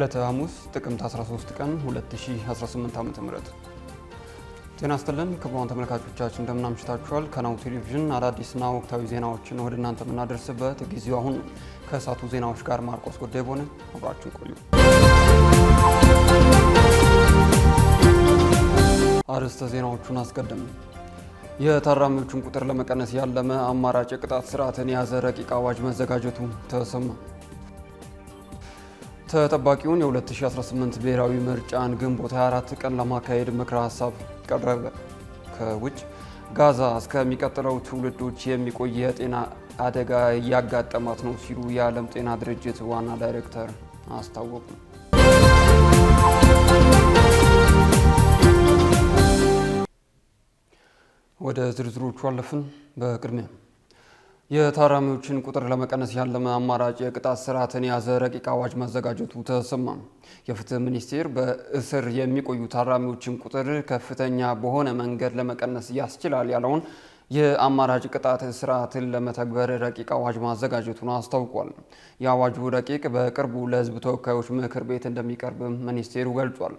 ዕለተ ሐሙስ ጥቅምት 13 ቀን 2018 ዓ.ም። ጤና ይስጥልን ክቡራን ተመልካቾቻችን እንደምን አምሽታችኋል። ከናሁ ቴሌቪዥን አዳዲስና ወቅታዊ ዜናዎችን ወደ እናንተ የምናደርስበት ጊዜው አሁን። ከእሳቱ ዜናዎች ጋር ማርቆስ ጉዳይ ሆነ አብራችን ቆዩ። አርዕስተ ዜናዎቹን አስቀድም የታራሚዎቹን ቁጥር ለመቀነስ ያለመ አማራጭ የቅጣት ስርዓትን የያዘ ረቂቅ አዋጅ መዘጋጀቱ ተሰማ። ተጠባቂውን የ2018 ብሔራዊ ምርጫን ግንቦት 24 ቀን ለማካሄድ ምክረ ሀሳብ ቀረበ። ከውጭ ጋዛ እስከሚቀጥለው ትውልዶች የሚቆይ የጤና አደጋ እያጋጠማት ነው ሲሉ የዓለም ጤና ድርጅት ዋና ዳይሬክተር አስታወቁ። ወደ ዝርዝሮቹ አለፍን። በቅድሚያ የታራሚዎችን ቁጥር ለመቀነስ ያለመ አማራጭ የቅጣት ስርዓትን የያዘ ረቂቅ አዋጅ ማዘጋጀቱ ተሰማ። የፍትህ ሚኒስቴር በእስር የሚቆዩ ታራሚዎችን ቁጥር ከፍተኛ በሆነ መንገድ ለመቀነስ ያስችላል ያለውን የአማራጭ ቅጣት ስርዓትን ለመተግበር ረቂቅ አዋጅ ማዘጋጀቱን አስታውቋል። የአዋጁ ረቂቅ በቅርቡ ለሕዝብ ተወካዮች ምክር ቤት እንደሚቀርብ ሚኒስቴሩ ገልጿል።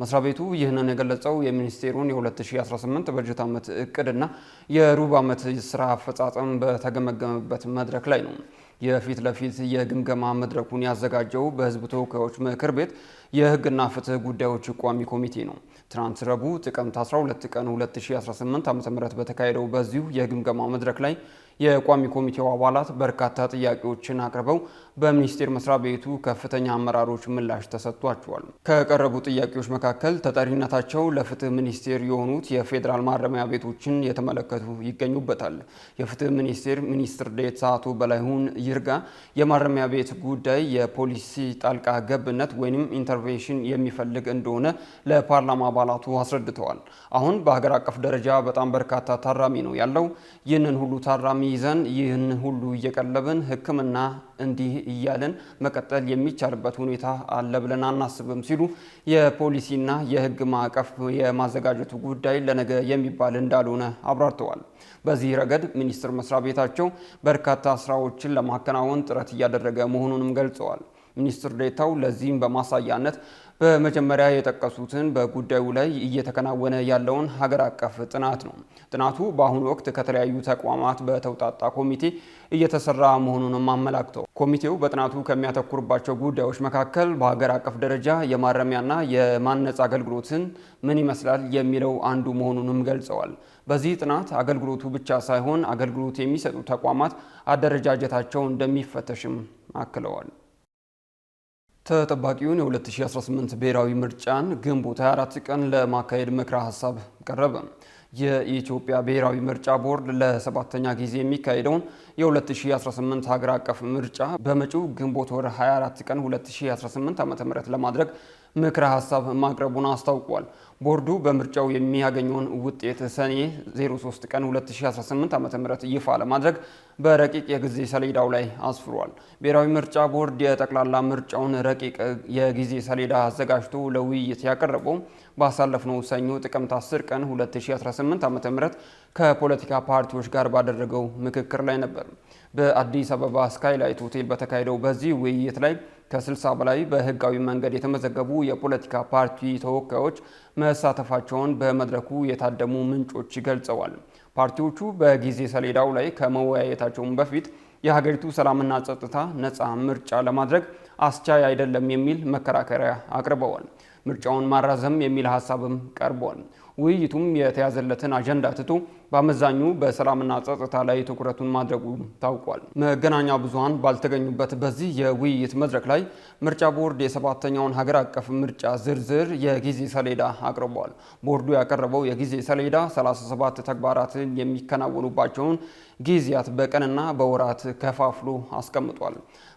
መስሪያ ቤቱ ይህንን የገለጸው የሚኒስቴሩን የ2018 በጀት ዓመት እቅድና የሩብ ዓመት ስራ አፈጻጸም በተገመገመበት መድረክ ላይ ነው። የፊት ለፊት የግምገማ መድረኩን ያዘጋጀው በህዝብ ተወካዮች ምክር ቤት የህግና ፍትህ ጉዳዮች ቋሚ ኮሚቴ ነው። ትናንት ረቡዕ ጥቅምት 12 ቀን 2018 ዓ.ም በተካሄደው በዚሁ የግምገማ መድረክ ላይ የቋሚ ኮሚቴው አባላት በርካታ ጥያቄዎችን አቅርበው በሚኒስቴር መስሪያ ቤቱ ከፍተኛ አመራሮች ምላሽ ተሰጥቷቸዋል። ከቀረቡ ጥያቄዎች መካከል ተጠሪነታቸው ለፍትህ ሚኒስቴር የሆኑት የፌዴራል ማረሚያ ቤቶችን የተመለከቱ ይገኙበታል። የፍትህ ሚኒስቴር ሚኒስትር ዴኤታ አቶ በላይሁን ይርጋ የማረሚያ ቤት ጉዳይ የፖሊሲ ጣልቃ ገብነት ወይም ኢንተርቬንሽን የሚፈልግ እንደሆነ ለፓርላማ አባላቱ አስረድተዋል። አሁን በሀገር አቀፍ ደረጃ በጣም በርካታ ታራሚ ነው ያለው። ይህንን ሁሉ ታራሚ ይዘን ይህን ሁሉ እየቀለብን ሕክምና እንዲህ እያለን መቀጠል የሚቻልበት ሁኔታ አለ ብለን አናስብም ሲሉ የፖሊሲና የሕግ ማዕቀፍ የማዘጋጀቱ ጉዳይ ለነገ የሚባል እንዳልሆነ አብራርተዋል። በዚህ ረገድ ሚኒስቴር መስሪያ ቤታቸው በርካታ ስራዎችን ለማከናወን ጥረት እያደረገ መሆኑንም ገልጸዋል። ሚኒስትር ዴታው ለዚህም በማሳያነት በመጀመሪያ የጠቀሱትን በጉዳዩ ላይ እየተከናወነ ያለውን ሀገር አቀፍ ጥናት ነው። ጥናቱ በአሁኑ ወቅት ከተለያዩ ተቋማት በተውጣጣ ኮሚቴ እየተሰራ መሆኑንም አመላክተው ኮሚቴው በጥናቱ ከሚያተኩርባቸው ጉዳዮች መካከል በሀገር አቀፍ ደረጃ የማረሚያና የማነጽ አገልግሎትን ምን ይመስላል የሚለው አንዱ መሆኑንም ገልጸዋል። በዚህ ጥናት አገልግሎቱ ብቻ ሳይሆን አገልግሎት የሚሰጡ ተቋማት አደረጃጀታቸው እንደሚፈተሽም አክለዋል። ተጠባቂውን የ2018 ብሔራዊ ምርጫን ግንቦት 24 ቀን ለማካሄድ ምክረ ሀሳብ ቀረበ። የኢትዮጵያ ብሔራዊ ምርጫ ቦርድ ለሰባተኛ ጊዜ የሚካሄደውን የ2018 ሀገር አቀፍ ምርጫ በመጪው ግንቦት ወር 24 ቀን 2018 ዓ.ም ለማድረግ ምክረ ሀሳብ ማቅረቡን አስታውቋል። ቦርዱ በምርጫው የሚያገኘውን ውጤት ሰኔ 03 ቀን 2018 ዓ ም ይፋ ለማድረግ በረቂቅ የጊዜ ሰሌዳው ላይ አስፍሯል። ብሔራዊ ምርጫ ቦርድ የጠቅላላ ምርጫውን ረቂቅ የጊዜ ሰሌዳ አዘጋጅቶ ለውይይት ያቀረበው ባሳለፍነው ሰኞ ጥቅምት 10 ቀን 2018 ዓ ም ከፖለቲካ ፓርቲዎች ጋር ባደረገው ምክክር ላይ ነበር። በአዲስ አበባ ስካይላይት ሆቴል በተካሄደው በዚህ ውይይት ላይ ከ60 በላይ በህጋዊ መንገድ የተመዘገቡ የፖለቲካ ፓርቲ ተወካዮች መሳተፋቸውን በመድረኩ የታደሙ ምንጮች ገልጸዋል። ፓርቲዎቹ በጊዜ ሰሌዳው ላይ ከመወያየታቸውን በፊት የሀገሪቱ ሰላምና ጸጥታ ነፃ ምርጫ ለማድረግ አስቻይ አይደለም የሚል መከራከሪያ አቅርበዋል። ምርጫውን ማራዘም የሚል ሀሳብም ቀርቧል። ውይይቱም የተያዘለትን አጀንዳ ትቶ በአመዛኙ በሰላምና ጸጥታ ላይ ትኩረቱን ማድረጉ ታውቋል። መገናኛ ብዙኃን ባልተገኙበት በዚህ የውይይት መድረክ ላይ ምርጫ ቦርድ የሰባተኛውን ሀገር አቀፍ ምርጫ ዝርዝር የጊዜ ሰሌዳ አቅርቧል። ቦርዱ ያቀረበው የጊዜ ሰሌዳ 37 ተግባራትን የሚከናወኑባቸውን ጊዜያት በቀንና በወራት ከፋፍሎ አስቀምጧል።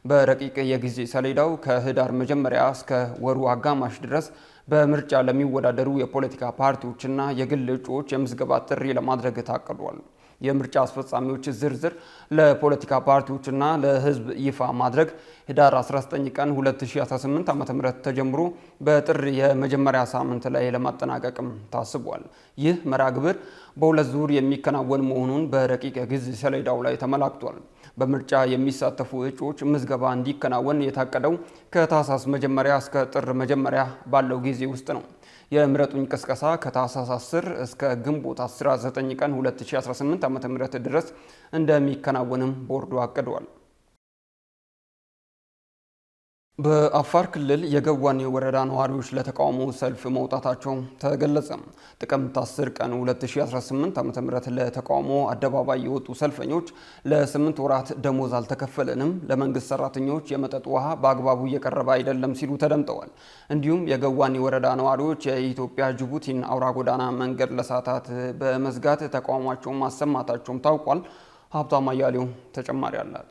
በረቂቅ የጊዜ ሰሌዳው ከህዳር መጀመሪያ እስከ ወሩ አጋማሽ ድረስ በምርጫ ለሚወዳደሩ የፖለቲካ ፓርቲዎችና የግል እጩዎች የምዝገባ ጥሪ ለማድረግ ታቅዷል። የምርጫ አስፈጻሚዎች ዝርዝር ለፖለቲካ ፓርቲዎችና ለሕዝብ ይፋ ማድረግ ህዳር 19 ቀን 2018 ዓ.ም ተጀምሮ በጥር የመጀመሪያ ሳምንት ላይ ለማጠናቀቅም ታስቧል። ይህ መርሃ ግብር በሁለት ዙር የሚከናወን መሆኑን በረቂቅ ጊዜ ሰሌዳው ላይ ተመላክቷል። በምርጫ የሚሳተፉ እጩዎች ምዝገባ እንዲከናወን የታቀደው ከታህሳስ መጀመሪያ እስከ ጥር መጀመሪያ ባለው ጊዜ ውስጥ ነው። የምረጡኝ ቅስቀሳ ከታህሳስ 10 እስከ ግንቦት 19 ቀን 2018 ዓ.ም ድረስ እንደሚከናወንም ቦርዱ አቅዷል። በአፋር ክልል የገዋኔ ወረዳ ነዋሪዎች ለተቃውሞ ሰልፍ መውጣታቸው ተገለጸ። ጥቅምት 10 ቀን 2018 ም ለተቃውሞ አደባባይ የወጡ ሰልፈኞች ለስምንት ወራት ደሞዝ አልተከፈለንም፣ ለመንግስት ሰራተኞች የመጠጥ ውሃ በአግባቡ እየቀረበ አይደለም ሲሉ ተደምጠዋል። እንዲሁም የገዋኔ ወረዳ ነዋሪዎች የኢትዮጵያ ጅቡቲን አውራ ጎዳና መንገድ ለሰዓታት በመዝጋት ተቃውሟቸውን ማሰማታቸውም ታውቋል። ሀብታም አያሌው ተጨማሪ አላት።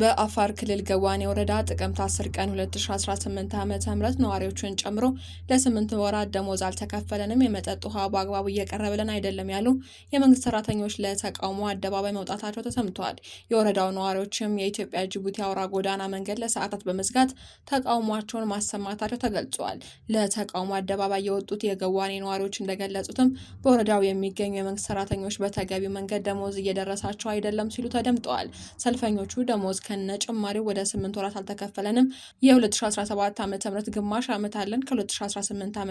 በአፋር ክልል ገዋኔ ወረዳ ጥቅምት 10 ቀን 2018 ዓ ም ነዋሪዎችን ጨምሮ ለስምንት ወራት ደሞዝ አልተከፈለንም፣ የመጠጥ ውሃ በአግባቡ እየቀረበልን አይደለም ያሉ የመንግስት ሰራተኞች ለተቃውሞ አደባባይ መውጣታቸው ተሰምተዋል። የወረዳው ነዋሪዎችም የኢትዮጵያ ጅቡቲ አውራ ጎዳና መንገድ ለሰዓታት በመዝጋት ተቃውሟቸውን ማሰማታቸው ተገልጿል። ለተቃውሞ አደባባይ የወጡት የገዋኔ ነዋሪዎች እንደገለጹትም በወረዳው የሚገኙ የመንግስት ሰራተኞች በተገቢው መንገድ ደሞዝ እየደረሳቸው አይደለም ሲሉ ተደምጠዋል። ሰልፈኞቹ ደሞዝ ከነ ጭማሪው ወደ ስምንት ወራት አልተከፈለንም። የ2017 ዓ ም ግማሽ ዓመት አለን። ከ2018 ዓ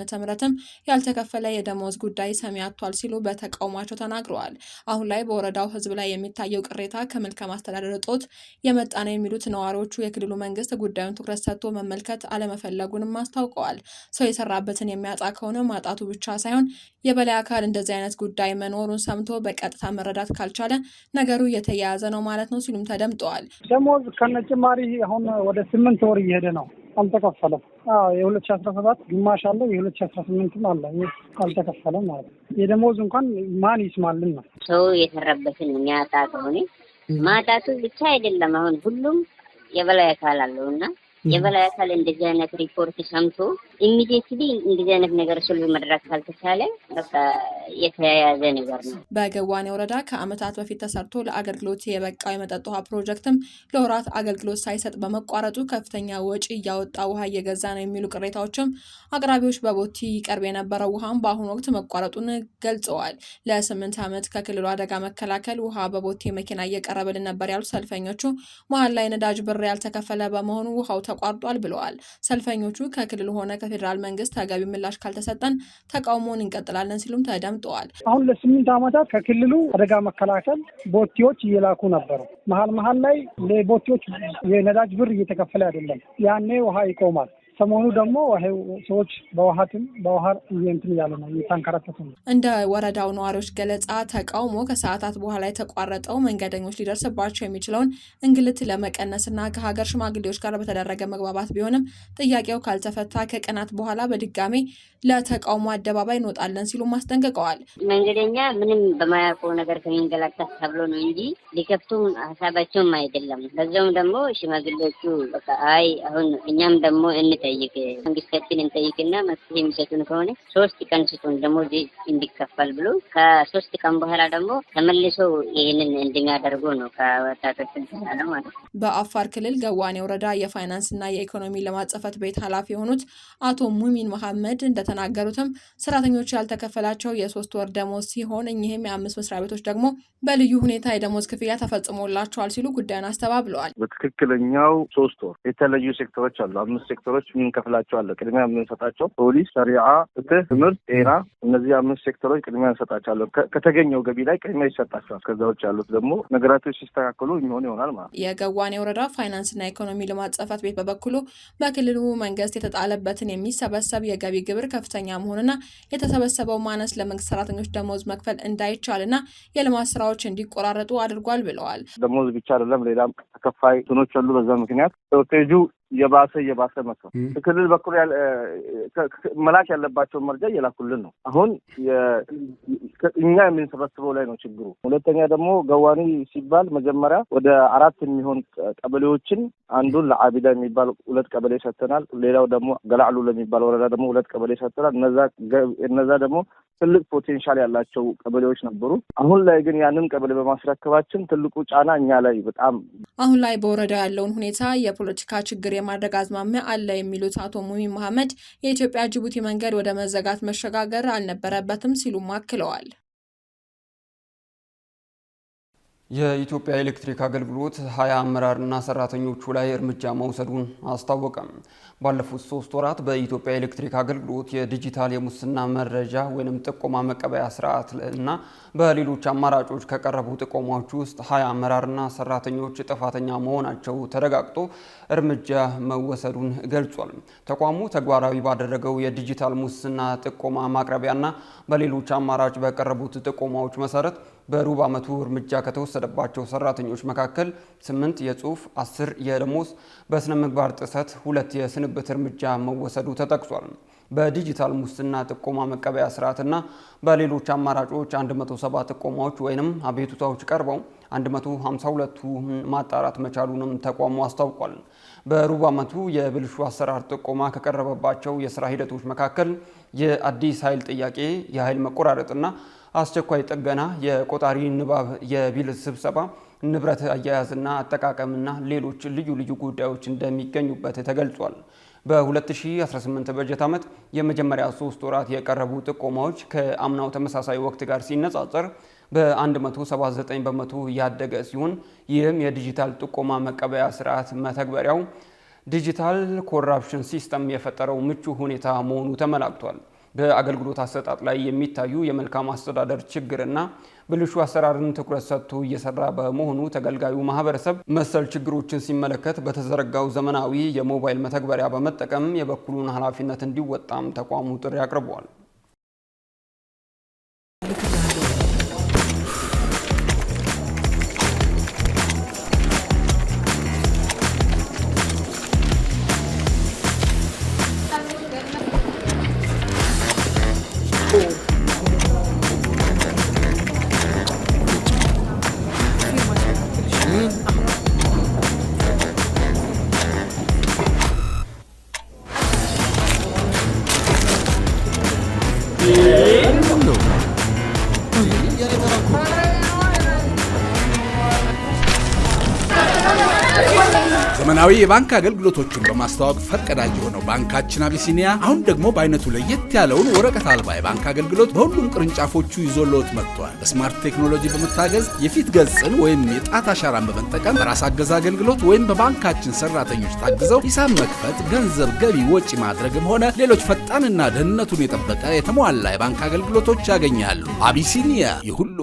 ምም ያልተከፈለ የደሞዝ ጉዳይ ሰሚ አጥቷል ሲሉ በተቃውሟቸው ተናግረዋል። አሁን ላይ በወረዳው ህዝብ ላይ የሚታየው ቅሬታ ከመልካም አስተዳደር እጦት የመጣ ነው የሚሉት ነዋሪዎቹ የክልሉ መንግስት ጉዳዩን ትኩረት ሰጥቶ መመልከት አለመፈለጉንም አስታውቀዋል። ሰው የሰራበትን የሚያጣ ከሆነ ማጣቱ ብቻ ሳይሆን የበላይ አካል እንደዚህ አይነት ጉዳይ መኖሩን ሰምቶ በቀጥታ መረዳት ካልቻለ ነገሩ እየተያያዘ ነው ማለት ነው ሲሉም ተደምጠዋል። ደሞዝ ከነጭማሪ አሁን ወደ ስምንት ወር እየሄደ ነው። አልተከፈለም። የሁለት ሺ አስራ ሰባት ግማሽ አለ፣ የሁለት ሺ አስራ ስምንትም አለ። አልተከፈለም ማለት ነው። የደሞዝ እንኳን ማን ይስማልን ነው። ሰው የሰራበትን የሚያጣ ከሆነ ማጣቱ ብቻ አይደለም። አሁን ሁሉም የበላይ አካል አለው እና የበላይ አካል እንደዚህ አይነት ሪፖርት ሰምቶ ኢሚዲየትሊ እንደዚህ አይነት ነገር ሶልቭ መድረግ ካልተቻለ በቃ የተያያዘ ነገር ነው። በገዋኔ ወረዳ ከዓመታት በፊት ተሰርቶ ለአገልግሎት የበቃው የመጠጥ ውሃ ፕሮጀክትም ለወራት አገልግሎት ሳይሰጥ በመቋረጡ ከፍተኛ ወጪ እያወጣ ውሃ እየገዛ ነው የሚሉ ቅሬታዎችም አቅራቢዎች በቦቲ ይቀርብ የነበረው ውሃም በአሁኑ ወቅት መቋረጡን ገልጸዋል። ለስምንት ዓመት ከክልሉ አደጋ መከላከል ውሃ በቦቴ መኪና እየቀረበልን ነበር ያሉት ሰልፈኞቹ መሀል ላይ ነዳጅ ብር ያልተከፈለ በመሆኑ ውሃው ተቋርጧል ብለዋል። ሰልፈኞቹ ከክልሉ ሆነ ከፌዴራል መንግስት ተገቢ ምላሽ ካልተሰጠን ተቃውሞውን እንቀጥላለን ሲሉም ተደም ተቀምጠዋል። አሁን ለስምንት ዓመታት ከክልሉ አደጋ መከላከል ቦቴዎች እየላኩ ነበሩ። መሀል መሀል ላይ ለቦቴዎች የነዳጅ ብር እየተከፈለ አይደለም። ያኔ ውሃ ይቆማል። ሰሞኑ ደግሞ ሰዎች በውሀትም በውሃር እንትን እያሉ ነው እየተንከራተቱ ነው። እንደ ወረዳው ነዋሪዎች ገለጻ ተቃውሞ ከሰዓታት በኋላ የተቋረጠው መንገደኞች ሊደርስባቸው የሚችለውን እንግልት ለመቀነስ ለመቀነስና ከሀገር ሽማግሌዎች ጋር በተደረገ መግባባት ቢሆንም ጥያቄው ካልተፈታ ከቀናት በኋላ በድጋሜ ለተቃውሞ አደባባይ እንወጣለን ሲሉም አስጠንቅቀዋል። መንገደኛ ምንም በማያውቀው ነገር ከሚንገላታት ተብሎ ነው እንጂ ሊከፍቱም ሀሳባቸውም አይደለም። በዚያውም ደግሞ ሽማግሌዎቹ በቃ አይ አሁን እኛም ደግሞ እንት እንጠይቅ መንግስታችን እንጠይቅና መፍትሄ የሚሰጡን ከሆነ ሶስት ቀን ስጡን ደሞዝ እንዲከፈል ብሎ ከሶስት ቀን በኋላ ደግሞ ተመልሶ ይህንን እንደሚያደርጉ ነው ከወጣቶች ነው ማለት ነው። በአፋር ክልል ገዋኔ ወረዳ የፋይናንስና የኢኮኖሚ ልማት ጽሕፈት ቤት ኃላፊ የሆኑት አቶ ሙሚን መሐመድ እንደተናገሩትም ሰራተኞቹ ያልተከፈላቸው የሶስት ወር ደሞዝ ሲሆን እኚህም የአምስት መስሪያ ቤቶች ደግሞ በልዩ ሁኔታ የደሞዝ ክፍያ ተፈጽሞላቸዋል ሲሉ ጉዳዩን አስተባብለዋል። በትክክለኛው ሶስት ወር የተለዩ ሴክተሮች አሉ። አምስት ሴክተሮች እንከፍላቸዋለን። ቅድሚያ የምንሰጣቸው ፖሊስ፣ ሸሪዓ፣ ፍትህ፣ ትምህርት፣ ጤና፣ እነዚህ አምስት ሴክተሮች ቅድሚያ እንሰጣቸዋለን። ከተገኘው ገቢ ላይ ቅድሚያ ይሰጣቸዋል። ከዛ ውጭ ያሉት ደግሞ ነገራቶች ሲስተካከሉ የሚሆን ይሆናል ማለት ነው። የገዋኔ ወረዳ ፋይናንስና ኢኮኖሚ ልማት ጽፈት ቤት በበኩሉ በክልሉ መንግስት የተጣለበትን የሚሰበሰብ የገቢ ግብር ከፍተኛ መሆኑና የተሰበሰበው ማነስ ለመንግስት ሰራተኞች ደሞዝ መክፈል እንዳይቻልና የልማት ስራዎች እንዲቆራረጡ አድርጓል ብለዋል። ደሞዝ ብቻ አይደለም ሌላም ተከፋይ ትኖች አሉ። በዛ ምክንያት ሾርቴጁ የባሰ የባሰ መጥቷል። ክልል በኩል መላክ ያለባቸውን መረጃ እየላኩልን ነው። አሁን እኛ የምንሰበስበው ላይ ነው ችግሩ። ሁለተኛ ደግሞ ገዋኒ ሲባል መጀመሪያ ወደ አራት የሚሆን ቀበሌዎችን አንዱን ለአቢዳ የሚባል ሁለት ቀበሌ ሰጥተናል። ሌላው ደግሞ ገላዕሉ ለሚባል ወረዳ ደግሞ ሁለት ቀበሌ ሰጥተናል። እነዛ ደግሞ ትልቅ ፖቴንሻል ያላቸው ቀበሌዎች ነበሩ። አሁን ላይ ግን ያንን ቀበሌ በማስረከባችን ትልቁ ጫና እኛ ላይ በጣም አሁን ላይ በወረዳ ያለውን ሁኔታ የፖለቲካ ችግር የማድረግ አዝማሚያ አለ የሚሉት አቶ ሙሚ መሐመድ የኢትዮጵያ ጅቡቲ መንገድ ወደ መዘጋት መሸጋገር አልነበረበትም ሲሉም አክለዋል። የኢትዮጵያ ኤሌክትሪክ አገልግሎት ሀያ አመራርና ሰራተኞቹ ላይ እርምጃ መውሰዱን አስታወቀም። ባለፉት ሶስት ወራት በኢትዮጵያ ኤሌክትሪክ አገልግሎት የዲጂታል የሙስና መረጃ ወይም ጥቆማ መቀበያ ስርዓት እና በሌሎች አማራጮች ከቀረቡ ጥቆማዎች ውስጥ ሀያ አመራርና ሰራተኞች ጥፋተኛ መሆናቸው ተረጋግጦ እርምጃ መወሰዱን ገልጿል። ተቋሙ ተግባራዊ ባደረገው የዲጂታል ሙስና ጥቆማ ማቅረቢያና በሌሎች አማራጭ በቀረቡት ጥቆማዎች መሰረት በሩብ ዓመቱ እርምጃ ከተወሰደባቸው ሰራተኞች መካከል ስምንት የጽሁፍ፣ አስር የደሞዝ፣ በስነ ምግባር ጥሰት ሁለት የስንብት እርምጃ መወሰዱ ተጠቅሷል። በዲጂታል ሙስና ጥቆማ መቀበያ ስርዓትና በሌሎች አማራጮች 170 ጥቆማዎች ወይም አቤቱታዎች ቀርበው 152ቱን ማጣራት መቻሉንም ተቋሙ አስታውቋል። በሩብ ዓመቱ የብልሹ አሰራር ጥቆማ ከቀረበባቸው የስራ ሂደቶች መካከል የአዲስ ኃይል ጥያቄ፣ የኃይል መቆራረጥና አስቸኳይ ጥገና፣ የቆጣሪ ንባብ፣ የቢል ስብሰባ፣ ንብረት አያያዝና አጠቃቀምና ሌሎች ልዩ ልዩ ጉዳዮች እንደሚገኙበት ተገልጿል። በ2018 በጀት ዓመት የመጀመሪያ ሶስት ወራት የቀረቡ ጥቆማዎች ከአምናው ተመሳሳይ ወቅት ጋር ሲነጻጸር በ179 በመቶ ያደገ ሲሆን ይህም የዲጂታል ጥቆማ መቀበያ ስርዓት መተግበሪያው ዲጂታል ኮራፕሽን ሲስተም የፈጠረው ምቹ ሁኔታ መሆኑ ተመላክቷል። በአገልግሎት አሰጣጥ ላይ የሚታዩ የመልካም አስተዳደር ችግርና ብልሹ አሰራርን ትኩረት ሰጥቶ እየሰራ በመሆኑ ተገልጋዩ ማህበረሰብ መሰል ችግሮችን ሲመለከት በተዘረጋው ዘመናዊ የሞባይል መተግበሪያ በመጠቀም የበኩሉን ኃላፊነት እንዲወጣም ተቋሙ ጥሪ አቅርቧል። የባንክ አገልግሎቶችን በማስተዋወቅ ፈርቀዳጅ የሆነው ባንካችን አቢሲኒያ አሁን ደግሞ በአይነቱ ለየት ያለውን ወረቀት አልባ የባንክ አገልግሎት በሁሉም ቅርንጫፎቹ ይዞልዎት መጥቷል። በስማርት ቴክኖሎጂ በመታገዝ የፊት ገጽን ወይም የጣት አሻራን በመጠቀም በራስ አገዝ አገልግሎት ወይም በባንካችን ሰራተኞች ታግዘው ሂሳብ መክፈት፣ ገንዘብ ገቢ ወጪ ማድረግም ሆነ ሌሎች ፈጣንና ደህንነቱን የጠበቀ የተሟላ የባንክ አገልግሎቶች ያገኛሉ። አቢሲኒያ የሁሉ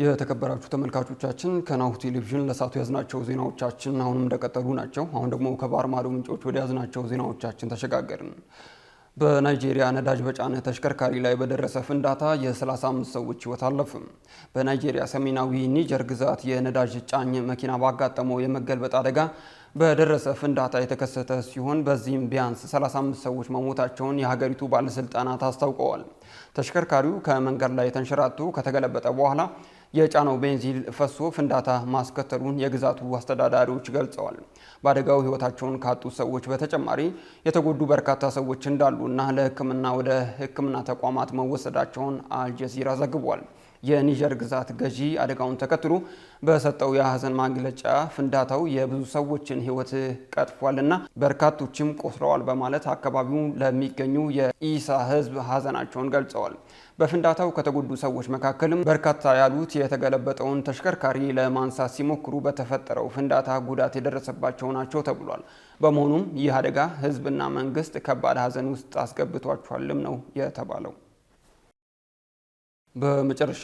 የተከበራችሁ ተመልካቾቻችን ከናሁ ቴሌቪዥን ለሳቱ ያዝናቸው ዜናዎቻችን አሁንም እንደቀጠሉ ናቸው። አሁን ደግሞ ከባህር ማዶ ምንጮች ወደ ያዝናቸው ዜናዎቻችን ተሸጋገርን። በናይጄሪያ ነዳጅ በጫነ ተሽከርካሪ ላይ በደረሰ ፍንዳታ የ35 ሰዎች ህይወት አለፈ። በናይጄሪያ ሰሜናዊ ኒጀር ግዛት የነዳጅ ጫኝ መኪና ባጋጠመው የመገልበጥ አደጋ በደረሰ ፍንዳታ የተከሰተ ሲሆን በዚህም ቢያንስ 35 ሰዎች መሞታቸውን የሀገሪቱ ባለስልጣናት አስታውቀዋል። ተሽከርካሪው ከመንገድ ላይ ተንሸራቶ ከተገለበጠ በኋላ የጫነው ቤንዚል ፈሶ ፍንዳታ ማስከተሉን የግዛቱ አስተዳዳሪዎች ገልጸዋል። በአደጋው ሕይወታቸውን ካጡ ሰዎች በተጨማሪ የተጎዱ በርካታ ሰዎች እንዳሉ እና ለሕክምና ወደ ሕክምና ተቋማት መወሰዳቸውን አልጀዚራ ዘግቧል። የኒጀር ግዛት ገዢ አደጋውን ተከትሎ በሰጠው የሀዘን መግለጫ ፍንዳታው የብዙ ሰዎችን ሕይወት ቀጥፏልና በርካቶችም ቆስለዋል በማለት አካባቢው ለሚገኙ የኢሳ ሕዝብ ሀዘናቸውን ገልጸዋል። በፍንዳታው ከተጎዱ ሰዎች መካከልም በርካታ ያሉት የተገለበጠውን ተሽከርካሪ ለማንሳት ሲሞክሩ በተፈጠረው ፍንዳታ ጉዳት የደረሰባቸው ናቸው ተብሏል። በመሆኑም ይህ አደጋ ሕዝብና መንግስት ከባድ ሀዘን ውስጥ አስገብቷቸዋልም ነው የተባለው። በመጨረሻ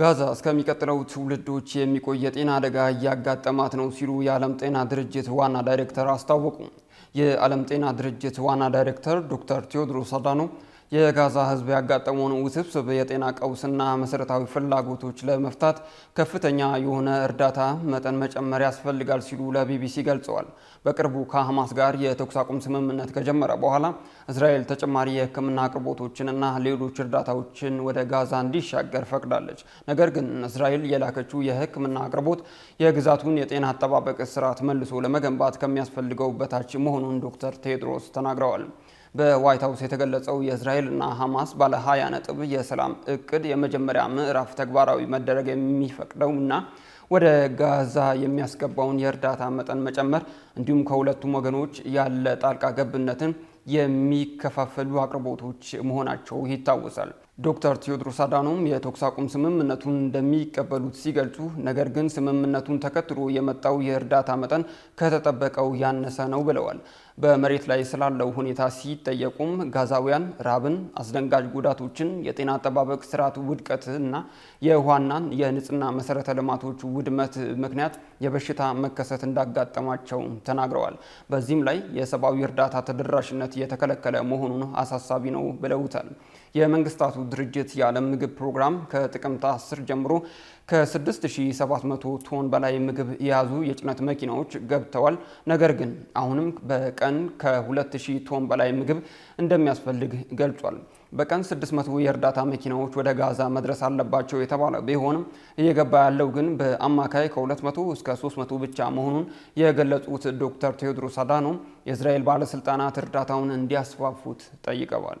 ጋዛ እስከሚቀጥለው ትውልዶች የሚቆይ የጤና አደጋ እያጋጠማት ነው ሲሉ የዓለም ጤና ድርጅት ዋና ዳይሬክተር አስታወቁ። የዓለም ጤና ድርጅት ዋና ዳይሬክተር ዶክተር ቴዎድሮስ አዳኖ የጋዛ ሕዝብ ያጋጠመውን ውስብስብ የጤና ቀውስና መሰረታዊ ፍላጎቶች ለመፍታት ከፍተኛ የሆነ እርዳታ መጠን መጨመር ያስፈልጋል ሲሉ ለቢቢሲ ገልጸዋል። በቅርቡ ከሐማስ ጋር የተኩስ አቁም ስምምነት ከጀመረ በኋላ እስራኤል ተጨማሪ የሕክምና አቅርቦቶችንና ሌሎች እርዳታዎችን ወደ ጋዛ እንዲሻገር ፈቅዳለች። ነገር ግን እስራኤል የላከችው የሕክምና አቅርቦት የግዛቱን የጤና አጠባበቅ ስርዓት መልሶ ለመገንባት ከሚያስፈልገው በታች መሆኑን ዶክተር ቴድሮስ ተናግረዋል። በዋይት ሀውስ የተገለጸው የእስራኤልና ሐማስ ባለ 20 ነጥብ የሰላም እቅድ የመጀመሪያ ምዕራፍ ተግባራዊ መደረግ የሚፈቅደው እና ወደ ጋዛ የሚያስገባውን የእርዳታ መጠን መጨመር እንዲሁም ከሁለቱም ወገኖች ያለ ጣልቃ ገብነትን የሚከፋፈሉ አቅርቦቶች መሆናቸው ይታወሳል። ዶክተር ቴዎድሮስ አዳኖም የተኩስ አቁም ስምምነቱን እንደሚቀበሉት ሲገልጹ፣ ነገር ግን ስምምነቱን ተከትሎ የመጣው የእርዳታ መጠን ከተጠበቀው ያነሰ ነው ብለዋል። በመሬት ላይ ስላለው ሁኔታ ሲጠየቁም ጋዛውያን ራብን፣ አስደንጋጭ ጉዳቶችን፣ የጤና አጠባበቅ ስርዓት ውድቀት እና የውሃና የንጽህና መሰረተ ልማቶች ውድመት ምክንያት የበሽታ መከሰት እንዳጋጠማቸው ተናግረዋል። በዚህም ላይ የሰብአዊ እርዳታ ተደራሽነት የተከለከለ መሆኑን አሳሳቢ ነው ብለውታል። የመንግስታቱ ድርጅት የዓለም ምግብ ፕሮግራም ከጥቅምት 10 ጀምሮ ከ6700 ቶን በላይ ምግብ የያዙ የጭነት መኪናዎች ገብተዋል። ነገር ግን አሁንም በቀን ከ2000 ቶን በላይ ምግብ እንደሚያስፈልግ ገልጿል። በቀን 600 የእርዳታ መኪናዎች ወደ ጋዛ መድረስ አለባቸው የተባለ ቢሆንም እየገባ ያለው ግን በአማካይ ከ200 እስከ 300 ብቻ መሆኑን የገለጹት ዶክተር ቴዎድሮስ አዳኖም የእስራኤል ባለስልጣናት እርዳታውን እንዲያስፋፉት ጠይቀዋል።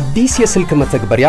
አዲስ የስልክ መተግበሪያ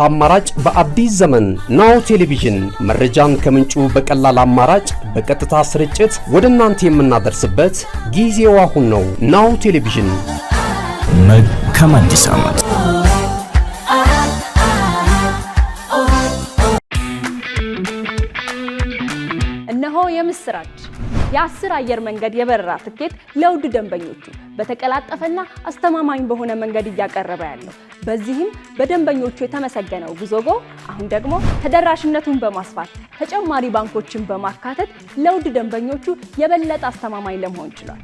አማራጭ በአዲስ ዘመን ናሁ ቴሌቪዥን መረጃን ከምንጩ በቀላል አማራጭ በቀጥታ ስርጭት ወደ እናንተ የምናደርስበት ጊዜው አሁን ነው። ናሁ ቴሌቪዥን መልካም አዲስ ዓመት። እነሆ የምስራች የአስር አየር መንገድ የበረራ ትኬት ለውድ ደንበኞቹ በተቀላጠፈና አስተማማኝ በሆነ መንገድ እያቀረበ ያለው በዚህም በደንበኞቹ የተመሰገነው ጉዞጎ አሁን ደግሞ ተደራሽነቱን በማስፋት ተጨማሪ ባንኮችን በማካተት ለውድ ደንበኞቹ የበለጠ አስተማማኝ ለመሆን ችሏል።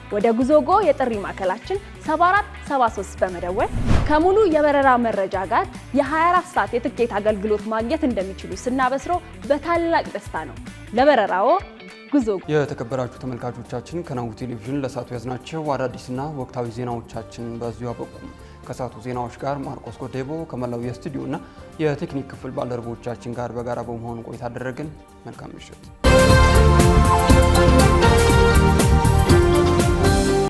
ወደ ጉዞጎ የጥሪ ማዕከላችን 7473 በመደወል ከሙሉ የበረራ መረጃ ጋር የ24 ሰዓት የትኬት አገልግሎት ማግኘት እንደሚችሉ ስናበስሮ በታላቅ ደስታ ነው። ለበረራዎ ጉዞ። የተከበራችሁ ተመልካቾቻችን ከናሁ ቴሌቪዥን ለሰዓቱ ያዝናቸው አዳዲስና ወቅታዊ ዜናዎቻችን በዚሁ አበቁ። ከሰዓቱ ዜናዎች ጋር ማርቆስ ጎዴቦ ከመላው እና የቴክኒክ ክፍል ባልደረቦቻችን ጋር በጋራ በመሆን ቆይታ አደረግን። መልካም ምሽት።